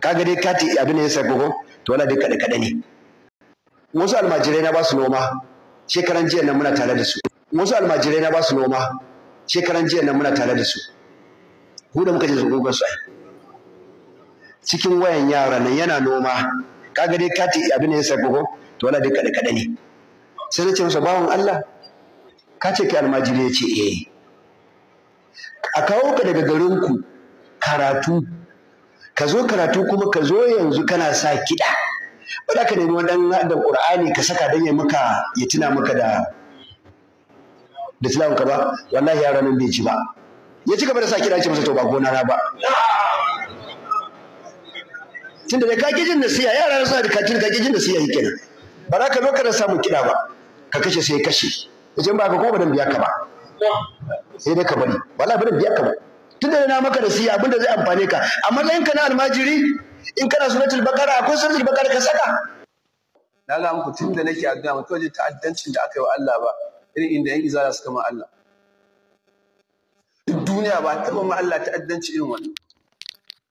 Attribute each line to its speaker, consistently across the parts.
Speaker 1: kaga dai kati abin da ya sa gogo to wala dai kada kada ne wasu almajirai na ba su noma shekaran jiya nan muna tare da su wasu almajirai na ba su noma shekaran jiya nan muna tare da su ku da muka je gogon su ai cikin wayan yara nan yana noma kaga dai kati abin da ya sa gogo to wala dai kada kada ne sai na ce masa bawan Allah ka ce ki almajiri ya ce eh a kawo ka daga garinku karatu ka zo karatu kuma ka zo yanzu kana sa kiɗa ba za ka nemi wani da ƙur'ani ka saka don ya maka ya tuna maka da da ka ba wallahi yaran nan bai ci ba ya ci gaba da sa kiɗa ya ce masa to ba gona na ba tunda da kake jin nasiya yara suna da kakin kake jin nasiya yake nan ba za ka zo kana samun kiɗa ba ka kashe sai kashe wajen ba ka kuma ba dan biya ka ba sai dai ka bari wallahi ba dan biya ka ba tunda na maka siya abinda zai amfane ka a dan ka na almajiri in kana suratul bakara akwai suratul bakara ka saka
Speaker 2: na ga muku tunda nake addu'a mutum wajen ta'addancin da aka yi wa Allah ba irin inda yan izara suka ma Allah duk duniya ba taɓa ma Allah ta'addanci irin wannan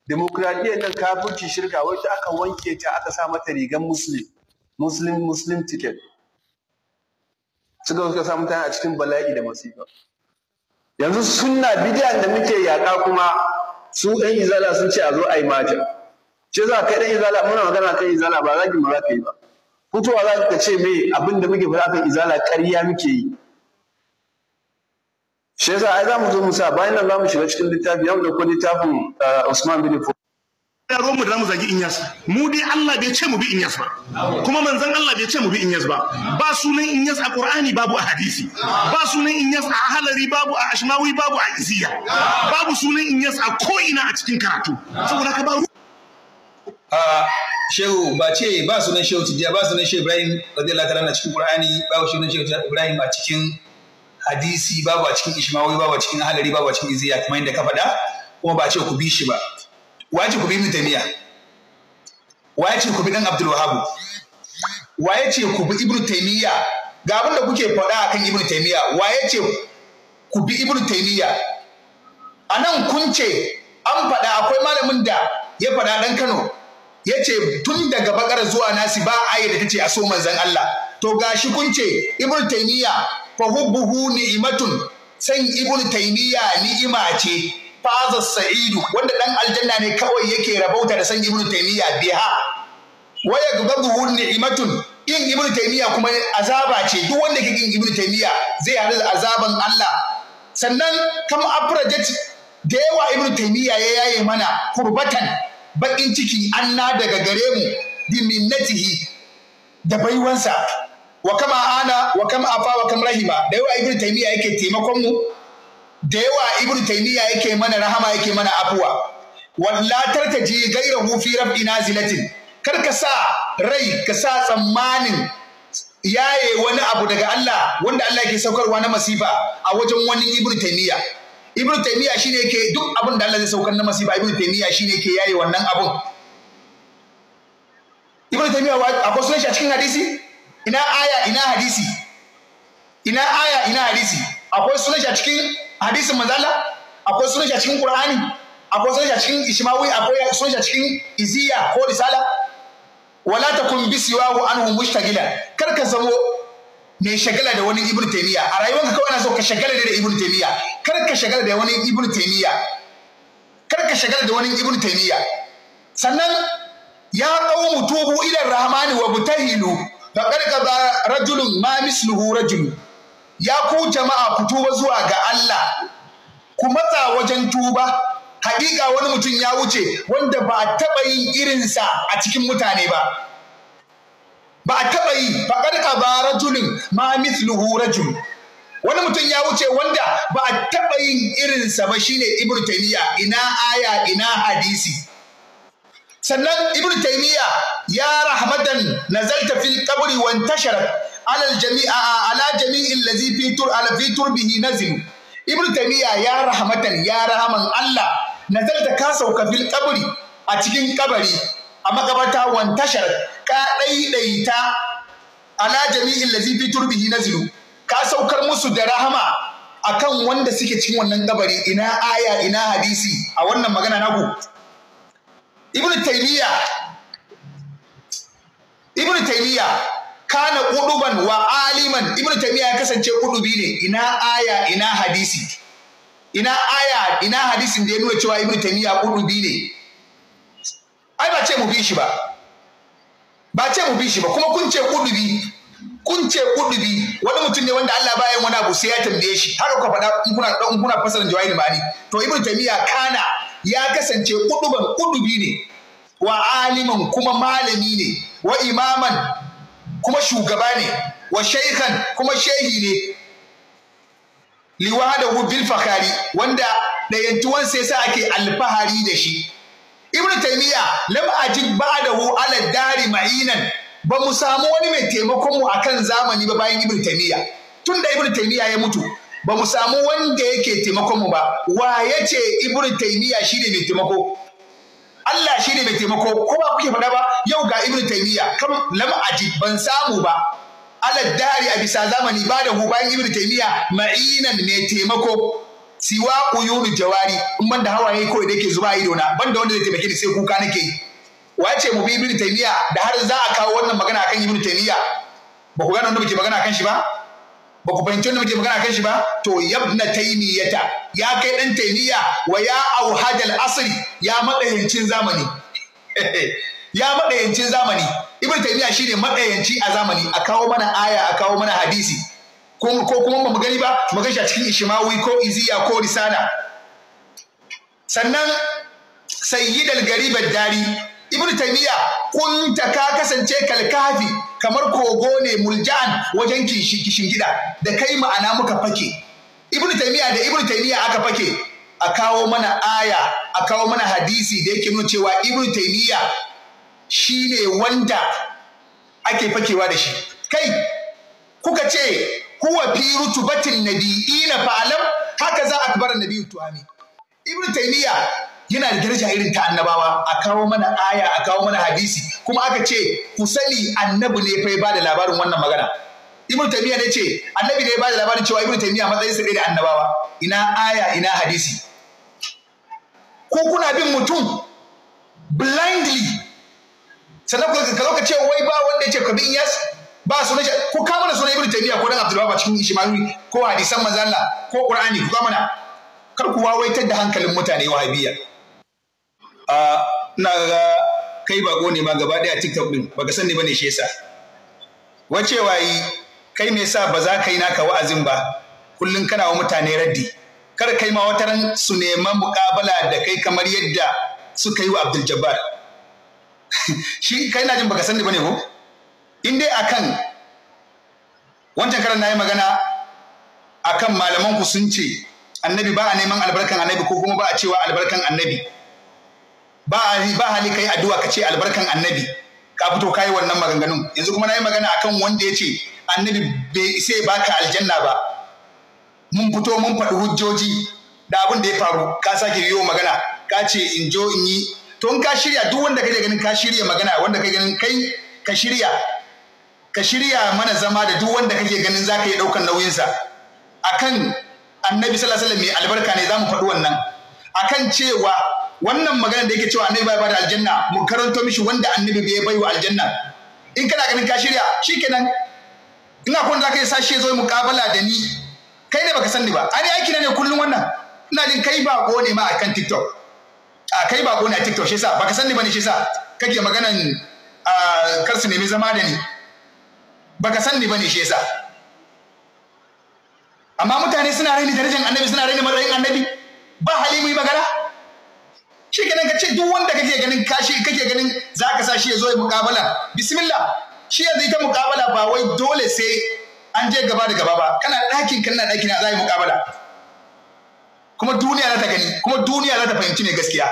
Speaker 2: demokradiyyar nan kafirci shirka ta aka wanke ta aka sa mata rigan musulmi muslim muslim ticket suka suka sa mutane a cikin bala'i da masifa
Speaker 1: yanzu sunna
Speaker 2: bidiyan da muke yaƙa kuma
Speaker 1: su ɗan izala sun ce a zo a yi mata.
Speaker 2: ce za ka ɗan izala muna magana kan izala ba za ki ba za ka yi ba fitowa za ka ce me abin da muke faɗa kan izala ƙarya muke yi shi yasa ai za mu zo mu sa bayan nan za mu shiga cikin littafi yau da ko littafin eh, Usman bin ruwan mu da mu zagi inyas mu dai Allah bai ce mu bi inyas ba kuma manzon Allah bai ce mu bi inyas ba ba sunan inyas a Qur'ani babu a hadisi ba sunan inyas a ahalari babu a ashmawi babu
Speaker 3: a isiya babu sunan inyas a ko'ina a cikin karatu saboda ka ba a shehu ba ce ba sunan shehu tijiya ba sunan shehu ibrahim radiyallahu ta'ala na cikin Qur'ani ba sunan shehu ibrahim a cikin hadisi babu a cikin ishmawi babu a cikin ahalari babu a cikin isiya kamar yadda ka faɗa kuma ba ce ku bi shi ba waye ku bi ibn taymiya waye ce ku bi dan abdul wahhab waye ce ku bi ibn taymiya ga abin da kuke faɗa akan ibn taymiya waye ce ku bi ibn taymiya anan kun ce an faɗa akwai malamin da ya faɗa dan Kano ya ce tun daga bakar zuwa nasi ba ayi da tace a so manzon Allah to gashi kun ce ibn taymiya fa hubbuhu ni'matun san ibn taymiya ni'ima ce faza sa'idu wanda ɗan aljanna ne kawai yake rabauta da san ibnu taymiya biha wa ne ni'matun yin Ibn taymiya kuma azaba ce duk wanda ke yin ibnu taymiya zai haɗu da azaban Allah sannan kam afrajat da yawa ibnu Taimiyya ya yaye mana kurbatan bakin ciki anna daga gare mu biminnatihi da baiwansa wa kama ana wa kama afa wa kama rahima da yawa ibnu taymiya yake taimakon mu da yawa ibnu taymiya yake mana rahama yake mana afuwa walla tartaji ghayrahu fi rabbi nazilatin kar ka sa rai ka sa tsammanin yaye wani abu daga Allah wanda Allah yake saukarwa na masifa a wajen wani ibnu taymiya ibnu taymiya shine yake duk abin da Allah zai saukar na masifa ibnu taymiya shine yake yaye wannan abun ibnu taymiya akwai sunan shi a cikin hadisi ina aya ina hadisi ina aya ina hadisi akwai sunan shi a cikin hadisin manzala akwai sunan shi a cikin qur'ani akwai sunan shi a cikin ishmawi akwai sunan shi a cikin iziya ko risala wala takun bisiwahu anhu mushtagila kar ka zamo mai shagala da wani ibn taymiya a rayuwarka kawai na so ka shagala da ibn taymiya kar ka shagala da wani ibn taymiya kar ka shagala da wani ibn taymiya sannan ya qawmu tubu ila rahmani wa butahilu faqad qada rajulun ma misluhu rajulun ya ku jama'a ku tuba zuwa ga Allah ku matsa wajen tuba hakika wani mutum ya wuce wanda ba a taɓa yin irinsa a cikin mutane ba ba a taɓa yi ba ƙarƙa ba rajulun ma mithluhu wani mutum ya wuce wanda ba a taɓa yin irinsa ba shine ibnu taymiya ina aya ina hadisi sannan ibnu taymiya ya rahmatan nazalta fil qabri wa intasharat alal jami'a a ala jami'in lazi fi ala fi turbihi nazil ibn taymiya ya rahmatan ya rahaman Allah nazalta ka sauka fil qabri a cikin kabari a makabata wan tashar ka daidaita ala jami'in lazi fi turbihi nazil ka saukar musu da rahama akan wanda suke cikin wannan kabari ina aya ina hadisi a wannan magana naku Ibn taymiya ibnu taymiya kana kuduban wa aliman ibnu taymiya ya kasance kudubi ne ina aya ina hadisi ina aya ina hadisin da ya nuna cewa ibnu taymiya kudubi ne ai ba ce mu bi shi ba ba ce mu bi shi ba kuma kun ce kudubi kun ce kudubi wani mutum ne wanda Allah bayan wani abu sai ya tambaye shi haka ka faɗa in kuna in kuna fasara jawahir ni. to ibnu taymiya kana ya kasance kuduban kudubi ne wa aliman kuma malami ne wa imaman kuma shugaba ne wa shaikan kuma shehi ne Liwa da bil fakhari wanda ɗayantuwan sai sa ake alfahari da shi a taymiya lam ajid ba'dahu ala dari ma'inan ba mu samu wani mai taimakon mu akan zamani ba bayan ibnu taymiya tunda ibn taymiya ya mutu ba mu samu wanda yake taimakon mu ba wa ya yace ibnu taymiya shine mai taimako Allah shi ne mai taimako ko ba kuke faɗa ba yau ga Ibn Taimiyya kam lam aji ban samu ba ala dari a bisa zamani ba da bayan Ibn Taimiyya. ma'inan ne taimako siwa Uyuru jawari in ban da hawaye kawai da yake zuba ido na ban da wanda zai taimake ni sai kuka nake yi wace mu bi Ibn taymiya da har za a kawo wannan magana akan Ibn taymiya ba ku gane wanda muke magana akan shi ba ba ku fahimci wanda muke magana kan shi ba to yabna taimiyata. ya kai dan taymiya wa ya auhadal asri ya madayancin zamani ya madayancin zamani ibnu taymiya shine madayanci a zamani a kawo mana aya a kawo mana hadisi ko kuma ba mu gani ba mu gani shi a cikin ishmawi ko iziya ko risala sannan sayyidal garibad dari taimiya taymiya ta ka kasance kalkafi kamar kogo ne muljan wajen kishin gida da kai ma'ana muka fake ibnu taymiya da ibnu taymiya aka fake a kawo mana aya a kawo mana hadisi da yake nuna cewa ibnu taymiya shine wanda ake fakewa da shi kai kuka ce huwa fi rutubatin nabiyina fa'alam haka za a akbar nabiyyu tuhami ibnu taymiya yana da daraja irin ta annabawa a kawo mana aya a kawo mana hadisi kuma aka ce ku sani annabi ne fa ya bada labarin wannan magana ibn taymiya ne ce annabi ne ya bada labarin cewa ibn taymiya matsayin sa da annabawa ina aya ina hadisi ko kuna bin mutum blindly sannan ku ka lokaci wai ba wanda ya ce ka bi yas ba sunan shi ko ka mana sunan ibn taymiya ko dan abdul wahab cikin ishimani ko hadisan manzo Allah ko qur'ani ku ka mana kar ku wawaitar da hankalin mutane wahabiyya ina ga kai bako ne ma gaba ɗaya tiktok ɗin baka sani ba ne shi yasa wacewa yi kai me yasa ba za ka yi naka wa'azin ba kullum kana wa mutane raddi kar kai ma wataran su neman muƙabala da kai kamar yadda suka yi wa abdul jabbar shi kai na jin baka sani ba ne ko in dai akan wancan karan na yi magana akan malaman ku sun ce annabi ba a neman albarkan annabi ko kuma ba a cewa albarkan annabi ba hali ka yi addu'a ka ce albarkan annabi ka fito ka yi wannan maganganun yanzu kuma na yi magana akan wanda ya ce annabi bai sai baka aljanna ba mun fito mun faɗi hujjoji da abin da ya faru ka sake yi magana ka ce in jo in yi to in ka shirya duk wanda kake ganin ka shirya magana wanda kake ganin kai ka shirya ka shirya mana zama da duk wanda kake ganin zaka yi daukan nauyinsa akan annabi sallallahu alaihi wasallam mai albarka ne zamu faɗi wannan akan cewa wannan magana da yake cewa annabi bai bada aljanna mu karanto mishi wanda annabi bai baiwa aljanna in kana ganin ka shirya shikenan ina kun zaka yi sashi zo mu kabala da ni kai ne baka sani ba ani aiki ne kullum wannan ina jin kai ba ne ma akan TikTok a kai ba ne a TikTok shi yasa baka sani bane shi yasa kake maganan kar su nemi zama da ni baka sani bane shi yasa amma mutane suna raini darajar annabi suna raini marayin annabi ba hali mu yi magana shi kenan ka ce duk wanda kake ganin kashi kake ganin za ka sa shi ya zo ya mukabala bismillah shi yanzu ita mukabala ba wai dole sai an je gaba da gaba ba kana ɗakin kana ɗakin za a yi mukabala kuma duniya za ta gani kuma duniya za ta fahimci ne gaskiya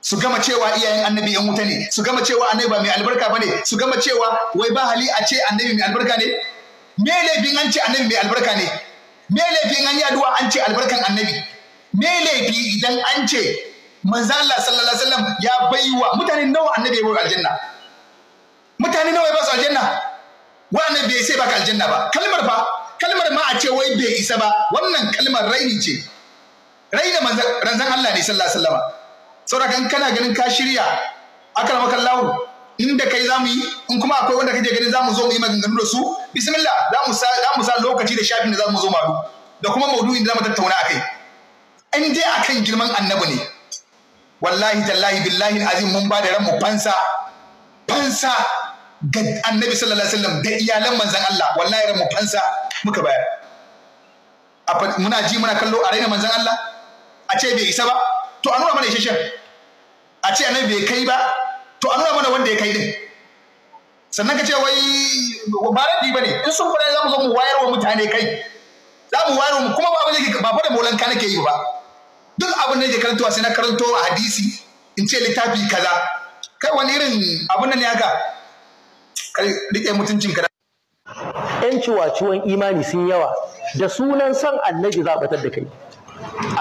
Speaker 3: su gama cewa iyayen annabi yan wuta ne su gama cewa annabi ba mai albarka ba ne su gama cewa wai ba hali a ce annabi mai albarka ne me laifin an ce annabi mai albarka ne me laifin an yi addu'a an ce albarkan annabi me laifi idan an ce manzo Allah sallallahu alaihi wasallam ya baiwa mutane nawa annabi ya bai aljanna mutane nawa ya ba su aljanna Wani bai sai baka aljanna ba kalmar fa kalmar ma a ce wai bai isa ba wannan kalmar raini ce raina manzon Allah ne sallallahu alaihi wasallam saboda kan kana ganin ka shirya akal makallahu inda kai zamu yi in kuma akwai wanda kake ganin zamu zo mu yi maganganu da su bismillah za mu sa lokaci da shafin da zamu zo mu da kuma maudu'in da zamu tattauna akai in dai kan girman annabi ne wallahi tallahi billahi azim mun ba da ranmu fansa fansa ga annabi sallallahu alaihi wasallam da iyalan manzon Allah wallahi ranmu fansa muka bayar muna ji muna kallo a raina manzon Allah a ce bai isa ba to a nuna mana isasshen a ce annabi bai kai ba to a nuna mana wanda ya kai din sannan ka ce wai ba rabi ba ne in sun fara za mu zo mu wayar wa mutane kai za mu wayar mu kuma ba ba da molanka nake yi ba duk abin da ke karantowa sai na karanto a hadisi in ce littafi kaza kai wani irin abin da ne haka kai rike mutuncin ka
Speaker 4: yan ciwaciwan imani sun yawa da sunan san annabi za a da kai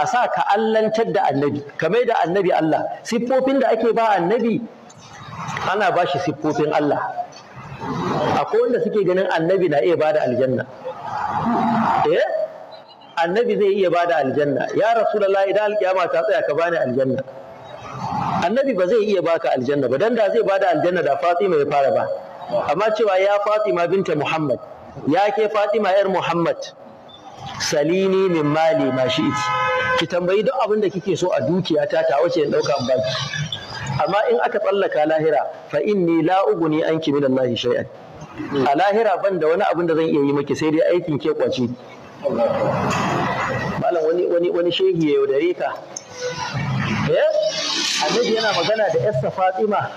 Speaker 4: a sa ka allantar da annabi kamar da annabi Allah siffofin da ake ba annabi ana ba shi siffofin Allah akwai wanda suke ganin annabi na iya bada aljanna eh annabi zai iya bada aljanna ya rasulullahi idan alkiyama ta tsaya ka bani aljanna annabi ba zai iya baka aljanna ba dan da zai bada aljanna da Fatima ya fara ba amma cewa ya Fatima binta Muhammad ya ke Fatima yar Muhammad salini min mali ma shi'iti ki tambayi duk abin da kike so a dukiya ta ta wace in dauka in baki amma in aka tsallaka lahira fa inni la uguni anki min allahi shay'an a lahira ban da wani abin da zan iya yi miki sai dai aikin ke kwace malam wani wani wani shehi ya yaudare ka eh annabi yana magana da yassa fatima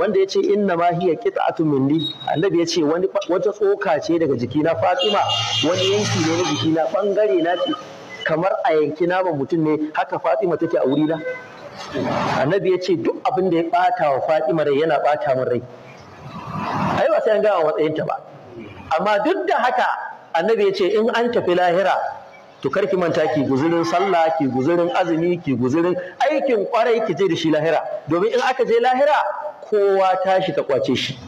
Speaker 4: wanda ya ce inna ma hiya qit'atun minni annabi ya ce wani wata tsoka ce daga jikina fatima wani yanki ne na jikina bangare na ce kamar a yanki nama mutum ne haka fatima take a wurina annabi ya ce duk abin da ya bata wa fatima rai yana bata min rai ai ba sai an wa matsayinta ba amma duk da haka annabi ya ce in an tafi lahira to kar ki manta ki guzurin sallah ki guzurin azumi ki guzurin aikin kwarai ki je da shi lahira domin in aka je lahira kowa tashi ta kwace shi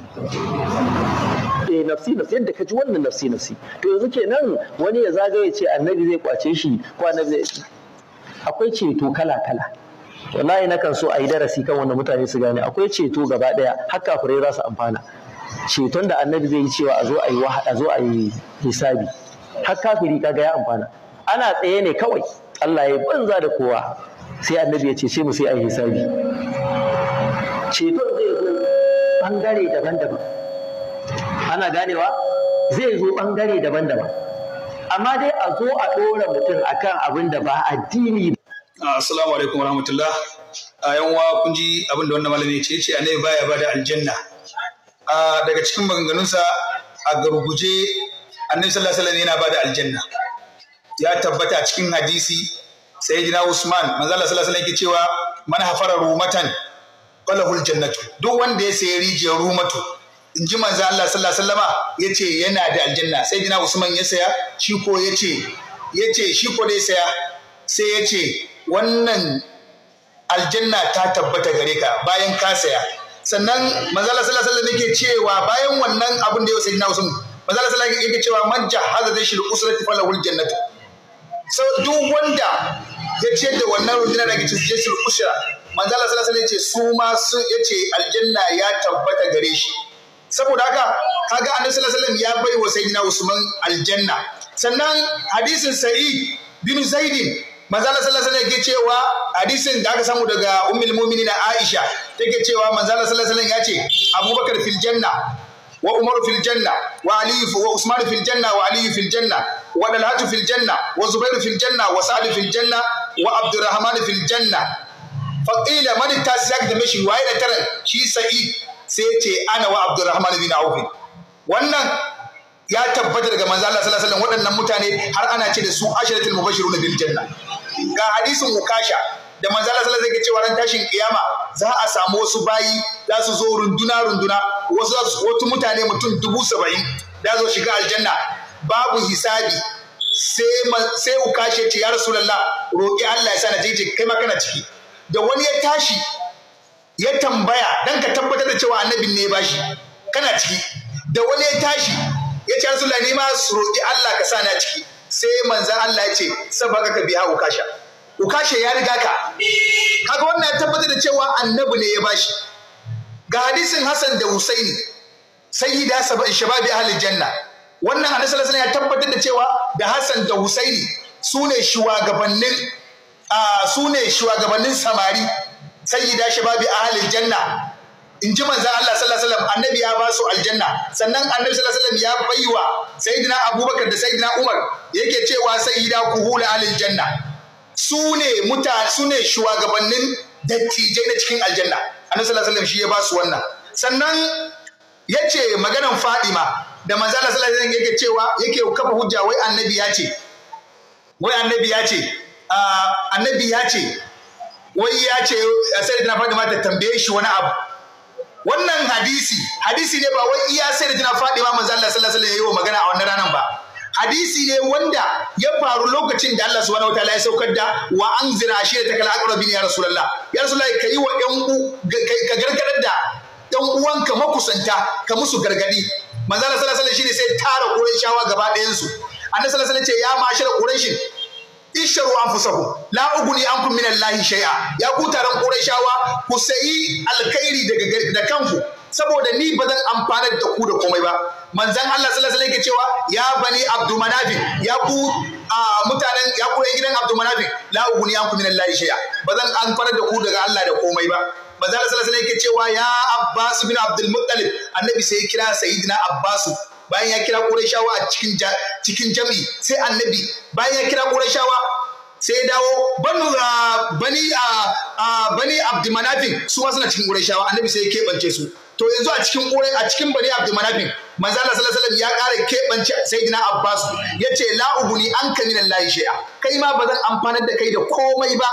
Speaker 4: eh, nafsi nafsi yadda ka ji wannan nafsi nafsi to yanzu kenan wani ya zagaye ce annabi zai kwace shi ko annabi akwai ceto kala kala wallahi nakan so a yi darasi kan wanda mutane su gane akwai ceto gaba daya har kafirai za su amfana ceton da annabi zai yi cewa a zo a yi a zo a yi hisabi har kafiri kaga ya amfana ana tsaye ne kawai Allah ya banza da kowa sai annabi ya ce mu sai a yi hisabi ceton zai zo bangare daban-daban ana ganewa zai zo bangare daban-daban amma dai a zo a ɗora mutum akan abin da ba addini assalamu alaikum warahmatullah a yan kun ji
Speaker 3: abin da wannan malami ya ce ce annabi baya bada aljanna daga cikin maganganunsa a garguje annabi sallallahu alaihi yana bada aljanna ya tabbata cikin hadisi sai jina Usman manzo Allah sallallahu alaihi yake cewa man hafara rumatan falahul jannatu duk wanda ya sayi rijiyar rumatu in ji manzo Allah sallallahu alaihi wasallama yace yana da aljanna Sai jina Usman ya saya shi ko yace yace shi ko dai saya sai yace wannan aljanna ta tabbata gare ka bayan ka saya sannan manzala sallallahu alaihi wasallam yake cewa bayan wannan abin da yau sai na usun manzala sallallahu alaihi yake cewa man jahaza zai shirku usrati falahul jannatu so duk wanda ya ce da wannan rundunar da ke zai jesul usra manzala sallallahu alaihi ce su ma sun yace aljanna ya tabbata gare shi saboda haka kaga annabi sallallahu alaihi ya bai wa sayyidina usman aljanna sannan hadisin sa'id bin zaidin manzala sallallahu alaihi yake cewa hadisin da aka samu daga ummul mu'minina aisha take cewa manzala sallallahu ya ce abubakar fil janna wa umaru fil janna wa aliyu wa usman fil janna wa aliyu fil janna wa dalhatu fil janna wa zubairu fil janna wa sa'd fil janna wa abdurrahman fil janna fa qila man tasyak da mishi waye da taran shi sai sai ce ana wa abdurrahman bin auf wannan ya tabbata daga manzo Allah sallallahu alaihi waɗannan mutane har ana ce da su asharatul mubashirun bil janna ga hadisin ukasha da manzo Allah sallallahu alaihi cewa ran tashin kiyama za a samu wasu bayi za su zo runduna runduna wasu za su wato mutane mutum dubu saba'in da zo shiga aljanna babu hisabi sai sai ukashe ce ya rasulullah roƙi Allah ya sa na je kai ma kana ciki da wani ya tashi ya tambaya dan ka tabbatar da cewa annabin ne ya bashi kana ciki da wani ya tashi ya ce rasulullah ne ma su roƙi Allah ka sa na ciki sai manzo Allah ya ce sabaka ka biya ukasha kashe ya riga ka kaga wannan ya tabbatar da cewa annabi ne ya bashi ga hadisin Hassan da Husaini sayyida sab'in shababi ahli janna wannan annabi sallallahu alaihi ya tabbatar da cewa da Hassan da Husaini ne shugabannin a ne shugabannin samari sayyida shababi ahli janna in ji manzan Allah sallallahu alaihi wasallam annabi ya ba su aljanna sannan annabi sallallahu alaihi wasallam ya bayyana sayyidina Abubakar da sayyidina Umar yake cewa sayyida kuhul alil janna su ne mutane su ne shugabannin dattijai na cikin aljanna annabi sallallahu alaihi shi ya ba su wannan sannan yace maganan Fadima da manzo sallallahu alaihi yake cewa yake kafa hujja wai annabi ya ce wai annabi ya ce annabi ya ce wai ya ce sayyidina Fadima ta tambaye shi wani abu wannan hadisi hadisi ne ba wai iya sayyidina Fadima manzo sallallahu alaihi wa magana a wannan ranan ba hadisi ne wanda ya faru lokacin da Allah subhanahu wataala ya saukar da wa anzira ashirata kal aqrabin ya rasulullah ya rasulullah kai wa yan ka gargadar da dan uwanka makusanta ka musu gargadi manzo Allah sallallahu alaihi wasallam shine sai tara qurayshawa gaba ɗayan su annabi sallallahu alaihi wasallam ce ya mashara qurayshin isharu anfusahu la uguni ankum min allahi shay'a ya ku taron qurayshawa ku sayi alkhairi daga da kanku saboda ni ba zan amfanar da ku da komai ba manzan Allah sallallahu alaihi cewa ya bani abdumanafi ya ku mutanen ya ku gidan abdumanafi la uguni an min Allah shay'a ba zan amfanar da ku daga Allah da komai ba manzan Allah sallallahu alaihi cewa ya Abbas bin Abdul Muttalib annabi sai kira sayyidina Abbas bayan ya kira Qurayshawa a cikin cikin jami'i sai annabi bayan ya kira Qurayshawa sai dawo banu bani a bani Abdulmanafin su ma suna cikin Qurayshawa annabi sai ya keɓance su to yanzu a cikin ƙorai a cikin bani abdulmanafin manzo Allah sallallahu ya ƙara keɓance sayyidina Abbas yace la ubuni anka min Allah shay'a kai ma bazan amfanar da kai da komai ba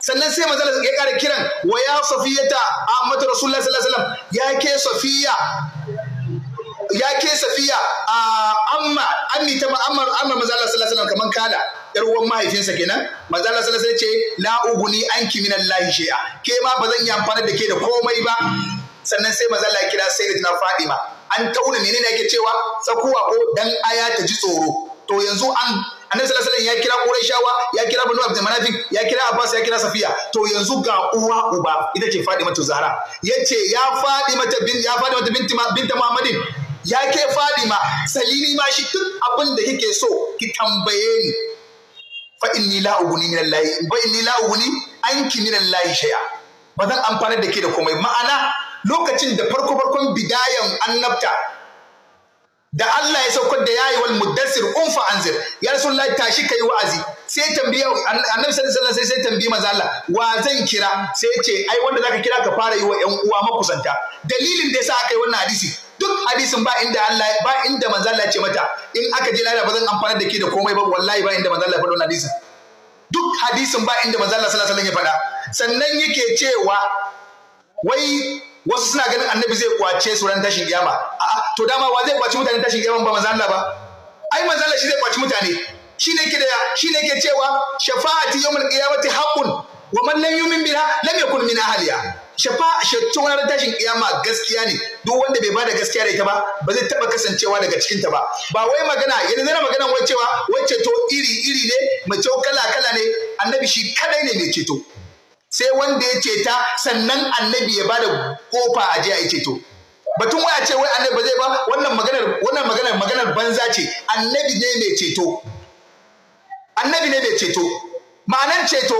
Speaker 3: sannan sai manzo Allah ya ƙara kiran wa ya safiyata Ahmad Rasulullah sallallahu alaihi ya ke safiya ya ke safiya a amma ammi ta amma amma manzo Allah sallallahu alaihi kaman kala yar uwan mahaifinsa kenan manzo Allah sallallahu alaihi ce la ubuni anki min Allah shay'a ke ma bazan yi amfanar da ke da komai ba sannan sai maza Allah kira faɗi Fadima an tauna menene yake cewa tsakuwa ko dan aya ta ji tsoro to yanzu an annabi sallallahu ya kira Qurayshawa ya kira Banu da Manaf ya kira Abbas ya kira Safiya to yanzu ga uwa uba ita ce Fadima tu Zahra yace ya Fadima ta bin ya Fadima ta binti binta Muhammadin ya ke Fadima salini ma shi duk abin da kike so ki tambaye ni fa inni la uguni min allahi fa inni la anki min allahi shay'a ba zan amfana da ke da komai ma'ana lokacin da farko farkon bidayan annabta da Allah ya saukar da yayi wal muddassir fa anzir ya rasulullahi tashi kai wa'azi sai tambiya annabi sallallahu alaihi sai tambaye manzo Allah wa zan kira sai ya ce ai wanda zaka kira ka fara yi wa ƴan uwa makusanta dalilin da yasa aka yi wannan hadisi duk hadisin ba inda Allah ba inda manzo Allah ya ce mata in aka je lafiya ba zan amfana da ke da komai ba wallahi ba inda manzo Allah ya faɗa wannan hadisin duk hadisin ba inda manzo Allah sallallahu alaihi ya faɗa sannan yake cewa wai wasu suna ganin annabi zai kwace su ran tashin kiyama a'a to dama wa zai kwace mutane tashin kiyama ba manzo Allah ba
Speaker 2: ai manzo Allah shi zai kwaci mutane
Speaker 3: shi ne ke da shi ne cewa shafa'ati yawmul qiyamati haqqun wa man lam yu'min biha lam yakun min ahliha shafa wani tashin kiyama gaskiya ne duk wanda bai bada gaskiya da ita ba ba zai taba kasancewa daga cikin ta ba ba wai magana yanzu zai magana wai cewa wai ceto iri iri ne mai ceto kala kala ne annabi shi kadai ne mai ceto sai wanda ya ceta sannan annabi ya bada kofa a je a ceto batun waya ce wai annabi ba zai ba wannan maganar wannan maganar maganar banza ce annabi ne mai ceto annabi ne mai ceto ma'anar ceto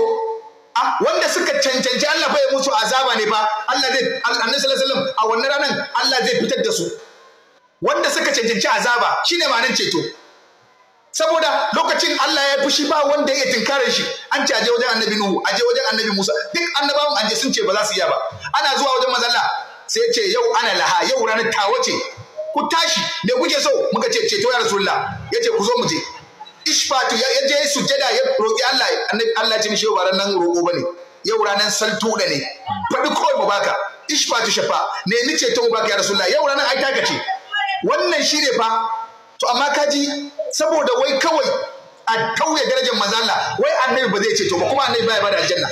Speaker 3: wanda suka cancanci Allah bai musu azaba ne ba Allah zai annabi sallallahu alaihi a wannan ranar Allah zai fitar da su wanda suka cancanci azaba shine ma'anar ceto saboda lokacin Allah ya fushi ba wanda ya tinkare shi an ce aje wajen annabi Nuhu aje wajen annabi Musa duk annabawan anje sun ce ba za su iya ba ana zuwa wajen mazalla sai ya ce yau ana laha yau ranar tawa ce ku tashi me kuke so muka ce ceto ya rasulullah ya ce ku zo mu je ishfatu ya je sujjada ya roƙi Allah annabi Allah ce mishi ba ranan roƙo bane yau ranar saltu da ne faɗi kawai mu baka ishfatu shafa ni ceto mu baka ya rasulullah yau ranar ai ta ce wannan shi ne fa to amma kaji saboda wai kawai a tauye darajar Allah wai annabi ba zai ce to ba kuma annabi ya bada aljanna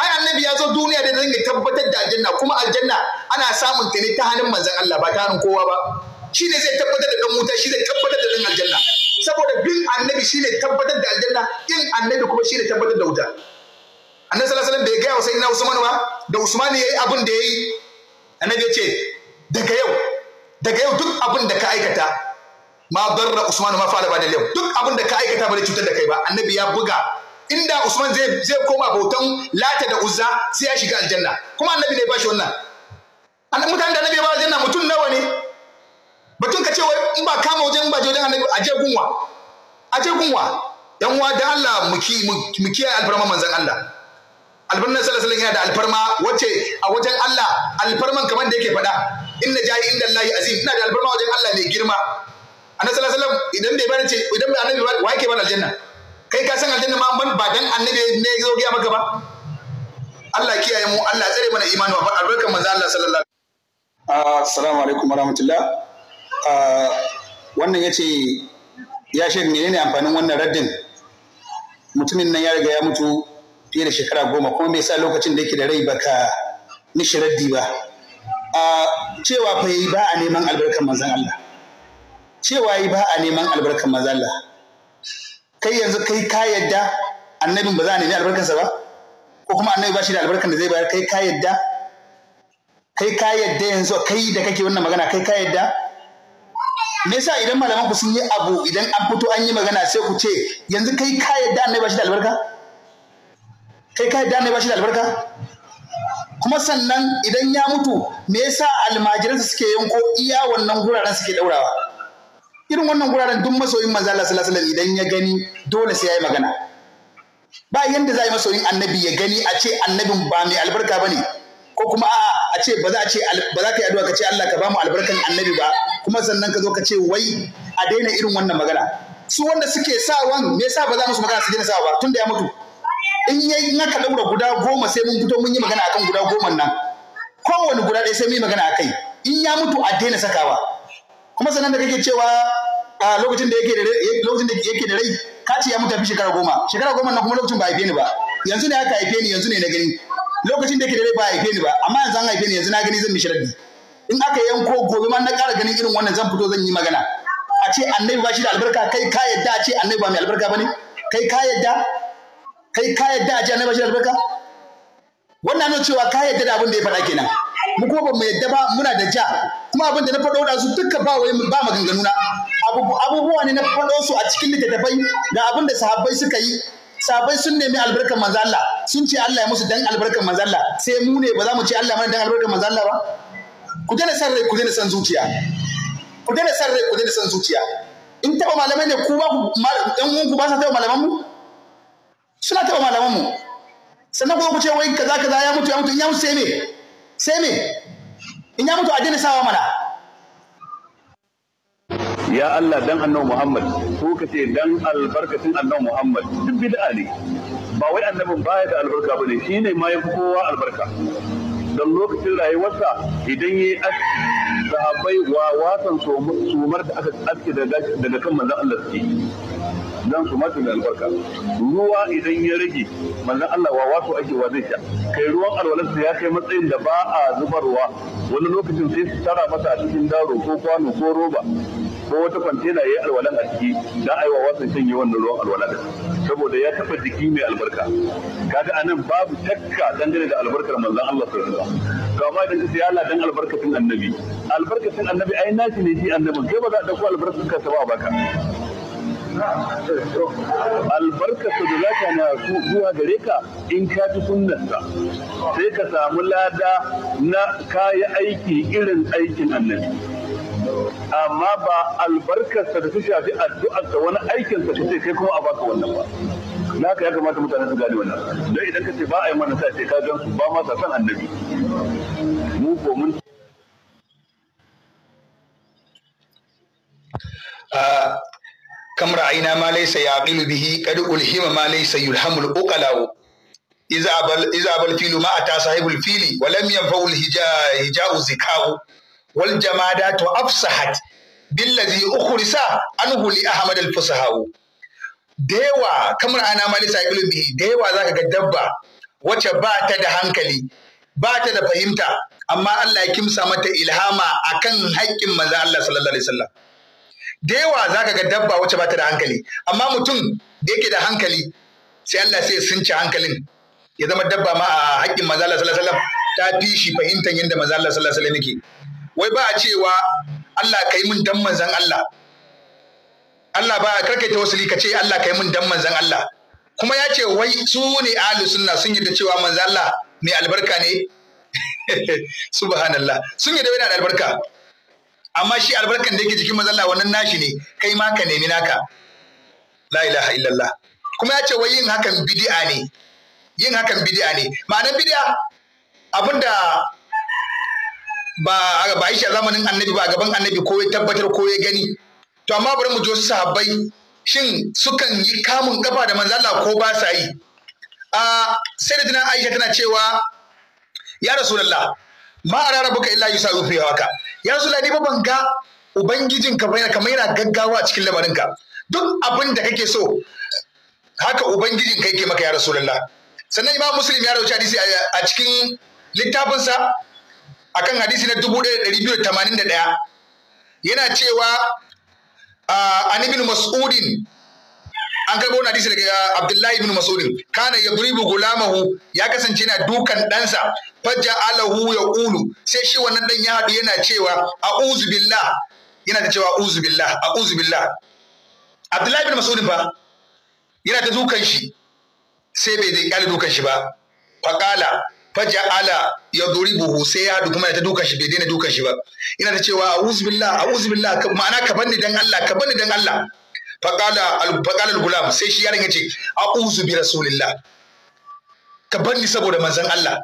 Speaker 3: ai annabi ya zo duniya da dinga tabbatar da aljanna kuma aljanna ana samun ta ne ta hannun manzon Allah ba ta hannun kowa ba shi ne zai tabbatar da dan wuta shi zai tabbatar da dan aljanna saboda bin annabi shi ne tabbatar da aljanna in annabi kuma shi ne tabbatar da wuta annabi sallallahu alaihi wasallam bai ga wa sayyidina Usman ba da Usman yayi abin da yayi annabi ya ce daga yau daga yau duk abin da ka aikata ma barra usman ma fara ba'da yau duk abin da ka aikata ba cutar da kai ba annabi ya buga inda usman zai zai koma bautan lata da uzza sai ya shiga aljanna kuma annabi ne ba shi wannan mutanen da annabi ya ba aljanna mutum nawa ne Mutun ka ce wai in ba kama wajen ba wajen annabi a je gunwa a je gunwa yan uwa da Allah mu kiyaye alfarma manzon Allah alfarman sallallahu alaihi yana da alfarma wacce a wajen Allah alfarman kamar da yake faɗa inna jahi inda Allah azim ina da alfarma wajen Allah mai girma annabi sallallahu alaihi wasallam idan bai bani ce idan bai annabi wa yake bani aljanna kai ka san aljanna ma ba dan annabi ne zo gaya maka ba Allah kiyaye mu Allah tsare mana imani wa albarka manzo Allah sallallahu alaihi ah, assalamu alaikum warahmatullah ah, wannan yace ya shi ne amfanin wannan raddin mutumin nan ya riga ya mutu fiye da shekara goma kuma bai sa lokacin da yake da rai baka nishi raddi ba a ah, cewa fa ba a neman albarkar manzon Allah cewa yi ba a neman albarkar mazalla kai yanzu kai ka yadda annabin ba za a nemi albarkarsa ba ko kuma annabi ba shi da albarkar da zai bayar kai ka yadda kai ka yadda yanzu kai da kake wannan magana kai ka yadda me yasa idan malaman ku sun yi abu idan an fito an yi magana sai ku ce yanzu kai ka yadda annabi ba shi da albarka kai ka yadda annabi ba shi da albarka kuma sannan idan ya mutu me yasa almajiransa suke yanko iya wannan guraren suke daurawa irin wannan guraren duk masoyin manzo Allah sallallahu alaihi idan ya gani dole sai yayi magana ba yanda za yi masoyin annabi ya gani a ce annabin ba mai albarka bane ko kuma a'a a ce ba za a ce ba za ka yi addu'a ka ce Allah ka ba mu albarkan annabi ba kuma sannan ka zo ka ce wai a daina irin wannan magana su wanda suke sawan me yasa ba za su magana su daina sawa ba tunda ya mutu in yayi in aka daura guda goma sai mun fito mun yi magana akan guda goma nan kowane guda ɗaya sai mun yi magana akai in ya mutu a daina sakawa kuma sannan da kake cewa a lokacin da yake da eh, lokacin da yake da rai ka ce ya mutu fi shekara goma shekara goma na kuma lokacin ba haife ni ba yanzu ne aka haife ni yanzu ne na gani lokacin da yake da rai ba haife ni ba amma yanzu an haife ni yanzu na gani zan mishi raddi in aka yanko gobe ma na ƙara ganin irin wannan zan fito zan yi magana a ce annabi ba shi da albarka kai ka yadda a ce annabi ba mai albarka bane kai ka yadda kai ka yadda a ce annabi ba shi da albarka wannan nuna cewa ka yadda da abin da ya faɗa kenan mu ko ba mu yadda ba muna da ja kuma abin da na faɗo da su duka ba wai ba maganganu na abubuwa ne na faɗo su a cikin littattafai da abin da sahabbai suka yi sahabbai sun nemi albarkar manzo Allah sun ce Allah ya musu dan albarkar manzo Allah sai mu ne ba za mu ce Allah mana dan albarkar manzo Allah ba ku dena san rai ku dena san zuciya ku dena san rai ku dena san zuciya in taɓa malamai ne ku ba ku ɗan uwanku ba sa taɓa malaman mu suna taɓa malaman mu sannan kuma ku ce wai kaza kaza ya mutu ya mutu in ya mutu sai me sai me in ya mutu a daina sawa mana
Speaker 2: ya Allah dan annabi Muhammad ko ka ce dan albarkacin annabi Muhammad duk bid'a ne ba wai annabin baya da albarka bane shine ma yafi kowa albarka dan lokacin rayuwarsa idan yayi sahabbai wa wasan sumar da aka aske daga kan manzon Allah suke dan su mata mai albarka ruwa idan ya rage manzon Allah wa wato ake wa zai sha kai ruwan alwalarsa ya kai matsayin da ba a zubarwa wani lokacin sai su tara masa a cikin daro ko kwano ko roba ko wata kwantena ya yi alwalan a ciki yi wa wasan shanye wannan ruwan alwala saboda ya taba jiki mai albarka kaga anan babu takka dangane da albarkar manzon Allah sallallahu alaihi to amma idan sai Allah dan albarkatin annabi albarkatin annabi ai nashi ne shi annabin kai ba za a dauko albarkar ka ba baka albarkatu da za ta na zuwa gare ka in ka sunan ka, sai ka samu lada na kayi aiki irin aikin annabi amma ba albarkarsa da su shafi ta wani aikinsa ta ce kai kuma a baka wannan ba naka ya kamata mutane su gane wannan don idan ka ce ba a yi mana sai ka gan su ba ma sa san annabi
Speaker 1: mu ko mun
Speaker 3: ah, kam ra'ayna ma laysa yaqilu bihi qad ulhima ma laysa yulhamul uqala iza abal iza abal filu ma ata sahibul fili wa lam yanfa'u hija'u zikahu wal jamadatu afsahat billazi ukhrisa anhu li ahmad al fusahahu kamar ana ma laysa bihi dewa zaka ga dabba wacce ba ta da hankali ba ta da fahimta amma Allah ya kimsa mata ilhama akan haƙƙin manzo Allah sallallahu alaihi wasallam da yawa za ka ga dabba wacce ba ta da hankali amma mutum da yake da hankali sai Allah sai sun ci hankalin ya zama dabba ma a haƙƙin manzo Allah sallallahu alaihi wasallam ta fi shi fahimtar yadda manzo Allah sallallahu alaihi wasallam yake wai ba a cewa Allah kai mun dan manzon Allah Allah ba karkai wasu ka ce Allah kai mun dan manzon Allah kuma ya ce wai su ne ahlus sunna sun yi da cewa manzo Allah mai albarka ne subhanallah sun yi da yana da albarka amma shi albarkan da yake jikin mazalla wannan nashi ne kai ma ka nemi naka la ilaha illallah kuma ya ce wai yin hakan bid'a ne yin hakan bid'a ne ma'anar bid'a abinda ba ba shi a zamanin annabi ba a gaban annabi ko ya tabbatar ko ya gani to amma bari mu jo wasu sahabbai shin sukan yi kamun kafa da manzala ko ba sa yi a sayyidatina aisha tana cewa ya rasulullah ma arara buka illa yusa rufi ka. ya zula ni ba ban ga ubangijin ka kamar yana gaggawa a cikin lamarin ka duk abin da kake so haka ubangijin ka yake maka ya rasulullah sannan imam muslim ya rawaita hadisi a cikin littafin littafinsa akan hadisi na 1281 yana cewa ah, an ibn mas'udin an karɓo wani hadisi daga uh, Abdullahi ibn Mas'udin kana buribu gulamahu ya kasance yana dukan ɗansa fajja alahu ya ulu sai shi wannan dan ya haɗu yana cewa a'udhu billah yana da cewa a'udhu billah a'udhu billah Abdullahi ibn Mas'udin fa yana ta dukan shi sai bai da kyale dukan shi ba faqala fajja ala yadribuhu sai ya haɗu kuma yana ta dukan shi bai daina dukan shi ba yana ta cewa a'udhu billah a'udhu billah ma'ana ka banni dan Allah ka banni dan Allah faƙala gulam sai shi yaron ya ce a a'udhu bi rasulillah ka bar ni saboda manzon Allah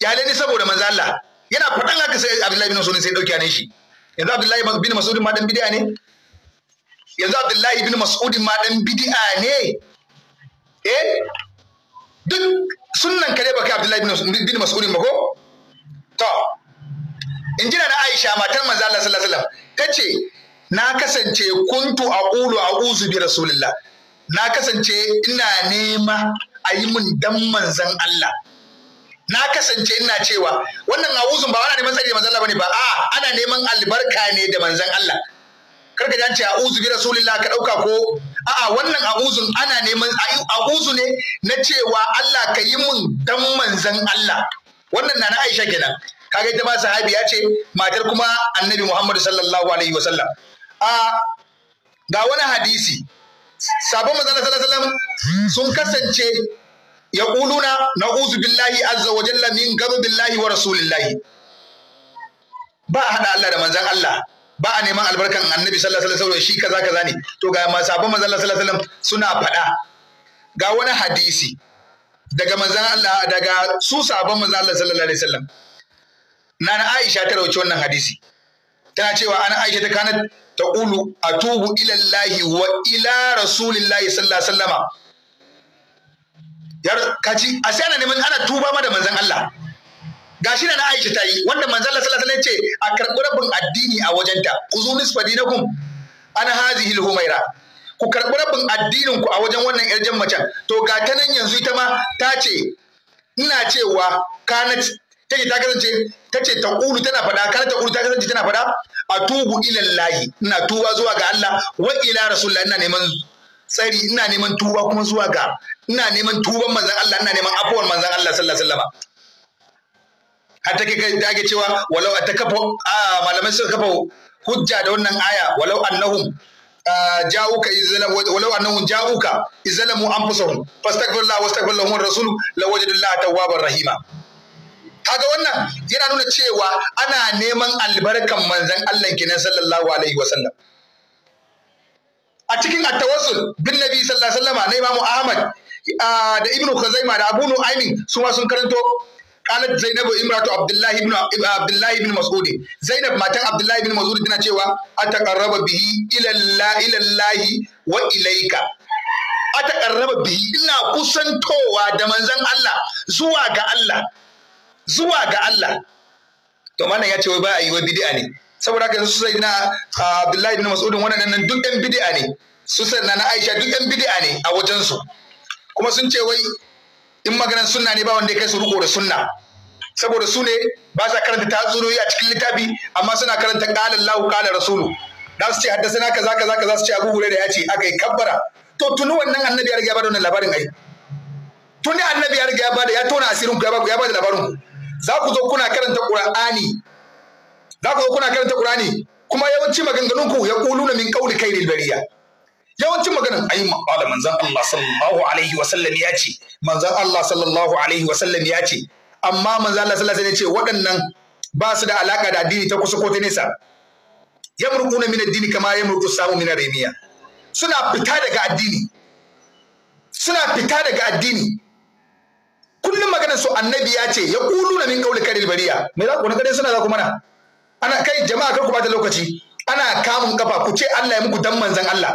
Speaker 3: kyale ni saboda manzon Allah yana faɗan haka sai Abdullahi bin Mas'ud sai dauki hannun shi yanzu Abdullahi bin Mas'ud ma dan bid'a ne yanzu Abdullahi bin Mas'ud ma dan bid'a ne eh duk sunnan kare baka Abdullahi bin Mas'ud ba ko to in na da Aisha matar manzon Allah sallallahu alaihi wasallam tace na kasance kuntu a a ƙuzu bi rasulullah na kasance ina nema a yi min dan manzan Allah na kasance ina cewa wannan a ba wani neman tsari da manzan Allah bane ba a ana neman albarka ne da manzan Allah karka ji an ce ƙuzu bi rasulullah ka ɗauka ko a'a wannan a'udhu ana neman a'udhu ne na cewa Allah ka yi min dan manzan Allah wannan na na Aisha kenan kaga ita ma sahabi ya ce matar kuma annabi Muhammad sallallahu alaihi wa sallam. Ah, ga wani hadisi sabon mazana sallallahu sun kasance ya kuluna na'uzu billahi azza wa jalla min billahi wa rasulillahi ba a hada Allah da manzan Allah ba a neman albarkan annabi sallallahu alaihi wasallam shi kaza kaza ne to ga sabon manzon sallallahu alaihi wasallam suna faɗa ga wani hadisi daga manzan Allah daga su sabon manzon Allah sallallahu alaihi wasallam nana Aisha ta rauci wannan hadisi tana cewa ana aisha ta kanat ulu atubu ila ilallahi wa ila rasulillahi sallallahu alaihi ya kaci a sai ana neman ana tuba ma da manzon Allah gashi na Aisha ta yi wanda manzon Allah sallallahu alaihi wasallam ya ce a karɓi rabin addini a wajenta kuzu nisfa dinakum ana hazihi humaira ku karɓi rabin addinin ku a wajen wannan yar macen to ga ta nan yanzu ita ma ta ce ina cewa kanat take ta kasance tace ta kulu tana faɗa kana ta kulu ta kasance tana faɗa atubu ila lahi ina tuba zuwa ga Allah wa ila rasulullah ina neman tsari ina neman tuba kuma zuwa ga ina neman tuban manzon Allah ina neman afuwar manzon Allah sallallahu alaihi wasallam har take kai da cewa walau ta a malamai suka kafa hujja da wannan aya walau annahum ja'uka izalam walau annahum ja'uka izalamu anfusahum fastaghfir Allah wastaghfir lahum ar-rasul lawajidu Allah tawwabar rahima kaga wannan yana nuna cewa ana neman albarkan manzon Allah kenan sallallahu alaihi wasallam a cikin attawassul bin nabi sallallahu alaihi wasallam na imamu ahmad da ibnu khuzaima da abu nu'aymin su ma sun karanto قالت زينب امرأة عبد الله بن عبد الله بن مسعود زينب ما تن عبد الله بن مسعود تنا cewa ataqarraba bihi ila Allah ila Allah wa ilayka ataqarraba bihi ina kusantowa da manzon Allah zuwa ga Allah zuwa ga Allah to mana ya ce wai ba a yi wa bid'a ne saboda haka yanzu sai na ah, Abdullahi bin Mas'ud wannan duk ɗan bid'a ne su sai na Aisha duk ɗan bid'a ne a wajen su kuma sun ce wai in maganar sunna ne ba wanda ya kai su ruko da sunna saboda su ne ba sa karanta tatsuniyoyi a cikin littafi amma suna karanta qala Allahu qala rasulu da su ce na kaza kaza kaza su ce Abu Hurairah ya ce akai kabbara to tuni wannan annabi ya riga ya bada wannan labarin ai tuni annabi ya riga ya bada ya tona asirin ku ya bada labarin ku za ku zo kuna karanta Qur'ani za ku zo kuna karanta Qur'ani kuma yawanci maganganun ku ya kuluna min kai ne bariya yawancin maganan ai maqala manzon Allah sallallahu alaihi wa sallam ya ce manzon Allah sallallahu alaihi wa sallam ya ce amma manzon Allah sallallahu alaihi wa sallam ya ce waɗannan ba su da alaka da addini ta kusa ko ta nesa yamruquna min addini kama yamruqu samu min remiya suna fita daga addini suna fita daga addini magana su annabi ya ce ya na min kauli karil bariya me za ku na kare suna za ku mana ana kai jama'a kar ku bata lokaci ana kamun kafa ku ce Allah ya muku dan manzan Allah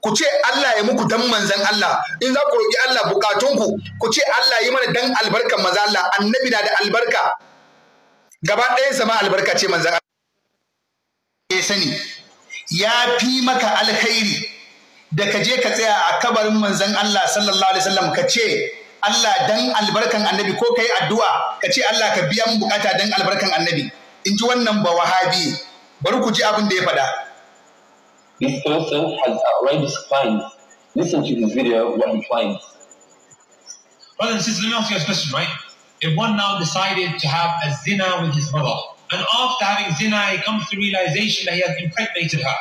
Speaker 3: ku ce Allah ya muku dan manzan Allah in za ku roki Allah bukatun ku ce Allah yi mana dan albarkan manzan Allah annabi na da albarka gaba ɗaya sama albarka ce manzan Allah ya sani ya fi maka alkhairi da ka je ka tsaya a kabarin manzan Allah sallallahu alaihi wasallam ka ce Allah dan albarkan annabi ko kai addu'a ka ce Allah ka biya min bukata dan albarkan annabi in ji wannan ba wahabi bari ku ji abin da ya faɗa
Speaker 5: This person has already spined. Listen to this video what he finds. Brothers and sisters, let me ask you a question, right? If one now decided to have a zina with his mother, and after having zina, he comes to realization that he has impregnated her,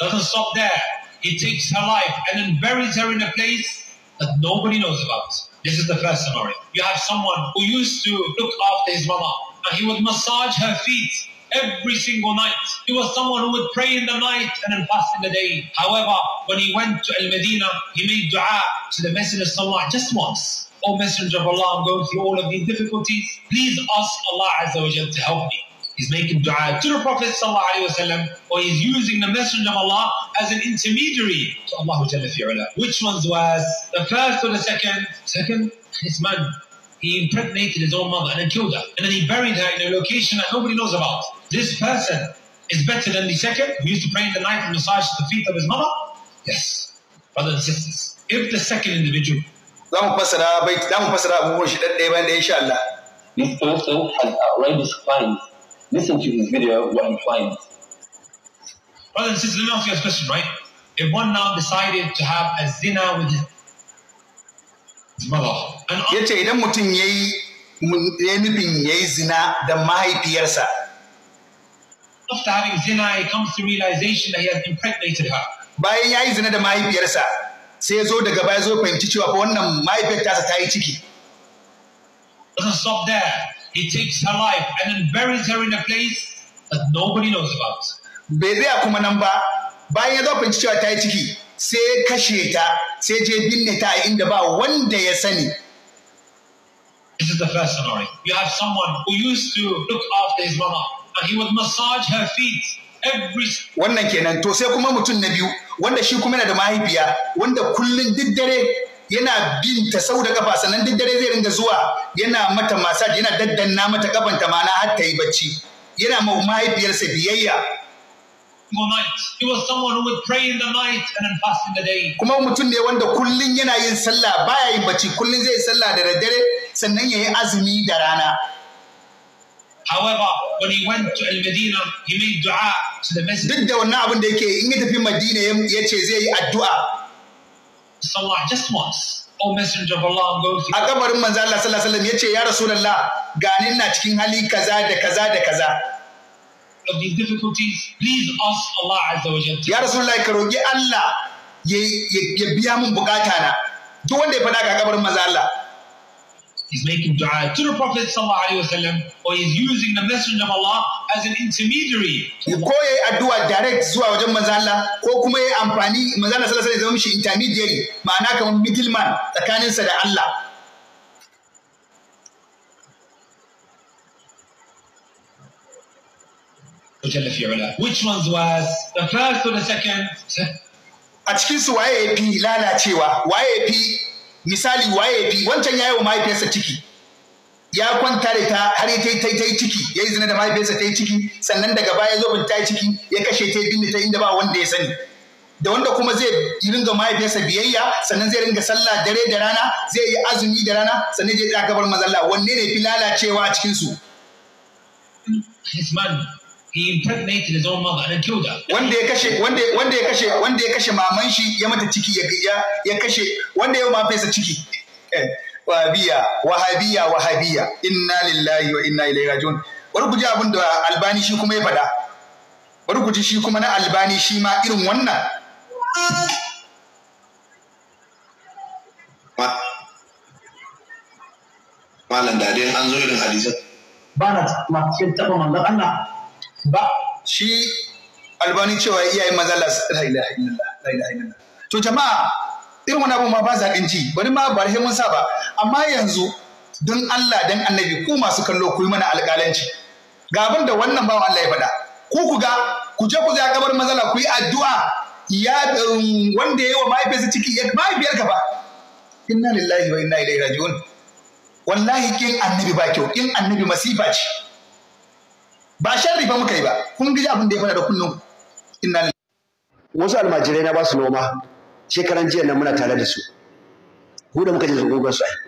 Speaker 5: doesn't stop there. He takes her life and then buries her in a place that nobody knows about. This is the first scenario. You have someone who used to look after his mama and he would massage her feet every single night. He was someone who would pray in the night and then fast in the day. However, when he went to Al Medina, he made dua to the Messenger of Allah just once. Oh, Messenger of Allah, I'm going through all of these difficulties. Please ask Allah Azza wa to help me. He's making dua to the Prophet وسلم, or he's using the Messenger of Allah as an intermediary to Allah. Which ones was the first or the second? Second, this man. He impregnated his own mother and then killed her. And then he buried her in a location that nobody knows about. This person is better than the second who used to pray in the night and massage the feet of his mother? Yes, brothers and sisters. If the second individual. Za mu
Speaker 3: fassara abubuwan shi ɗan ɗaya bayan ɗaya insha Allah. This person has already spined
Speaker 5: Listen to this video, what he planned. Brothers and sisters, let me ask you a question, right? If one now decided to have a zina with his mother, and After having zina, he comes to realization that he has impregnated her.
Speaker 3: Bayan ya zina da mahaifiyarsa, sai zo daga baya zo fahimci cewa wannan mahaifiyar
Speaker 5: tasa ta yi ciki. Doesn't stop there. He takes her life and then buries her in a place that nobody knows about. Bai kuma nan ba, bayan
Speaker 3: ya zo fahimci cewa ta yi ciki, sai ya kashe ta, sai je binne ta a inda ba wanda ya sani.
Speaker 5: This is the first scenario. You have someone who used to look after his and he would massage her feet Wannan kenan
Speaker 3: to sai kuma mutum na biyu wanda shi kuma yana da mahaifiya wanda kullum duk dare yana bin ta sau da kafa sannan duk dare zai ringa zuwa yana mata masaj yana daddanna mata kafanta na har ta yi bacci yana ma mahaifiyarsa biyayya kuma mutum ne wanda kullum yana yin sallah baya yin bacci kullum zai yi sallah da daddare sannan ya yi azumi da rana
Speaker 5: However, when he went to Al-Madina, he made dua to the message. Duk da wannan abin da yake in ya tafi Madina ya ce zai yi addu'a Salah just once. O messenger of
Speaker 3: Allah, go A kabarin manzo Allah sallallahu alaihi wasallam yace ya Rasulullah ganin na cikin hali kaza da kaza
Speaker 5: da kaza. Of these difficulties, please ask Allah azza wa jalla. Ya Rasulullah ka roki
Speaker 3: Allah
Speaker 5: ya biya min bukata na. Duk wanda ya faɗa ga kabarin manzo Allah He's making dua to the Prophet وسلم, or he's using the Messenger of Allah as an intermediary. Ko ya yi addu'a direct zuwa
Speaker 3: wajen manzala ko kuma ya yi amfani manzala sallallahu alaihi zama mishi intermediary ma'ana kamar middleman tsakaninsa da Allah.
Speaker 5: Which ones was the first or the second? A cikin su waye ya fi lalacewa, waye ya fi misali waye
Speaker 3: ya fi wancan ya yi wa mahaifiyarsa ciki ya kwanta da ta har ta ta yi ciki ya yi zina da mahaifiyarsa ta yi ciki sannan daga baya zo bin ta yi ciki ya kashe ta yi ta inda ba wanda ya sani da wanda kuma zai ringa mahaifiyarsa biyayya sannan zai ringa sallah dare da rana zai yi azumi da rana sannan zai tsaya gabar mazalla wanne ne fi lalacewa
Speaker 5: a cikinsu? he impregnated his own mother and killed her. Wanda ya kashe wanda wanda ya kashe wanda
Speaker 3: ya kashe maman shi ya mata ciki ya ya kashe wanda ya ma fesa ciki. Eh, wahabiya wahabiya wahabiya inna lillahi wa inna ilaihi rajiun. Bari ku ji abin da Albani shi kuma ya faɗa. Bari ku ji shi kuma na Albani shi ma irin wannan.
Speaker 2: Malam da dai an zo irin hadisan.
Speaker 1: Ba na taɓa
Speaker 3: manzon Allah ba shi albani cewa iyayen maza la to jama'a irin wani abu ma ba zaɗin ji bari ma ba rahimun sa ba amma yanzu don Allah don annabi ku masu kallo ku yi mana alƙalanci ga abin da wannan bawan Allah ya faɗa ku ku ga ku je ku zai gabar mazala ku yi addu'a ya um, wanda ya yi wa mahaifiyarsa ciki ya ka ba inna lillahi wa inna ilaihi raji'un wallahi kin annabi ba kyau kin annabi masifa ce
Speaker 1: ba sharri ba muka yi ba kun ga abin da ya fada da kullum inna wasu almajirai na ba su noma shekaran jiya nan muna tare da su ku da muka je zugogon su ai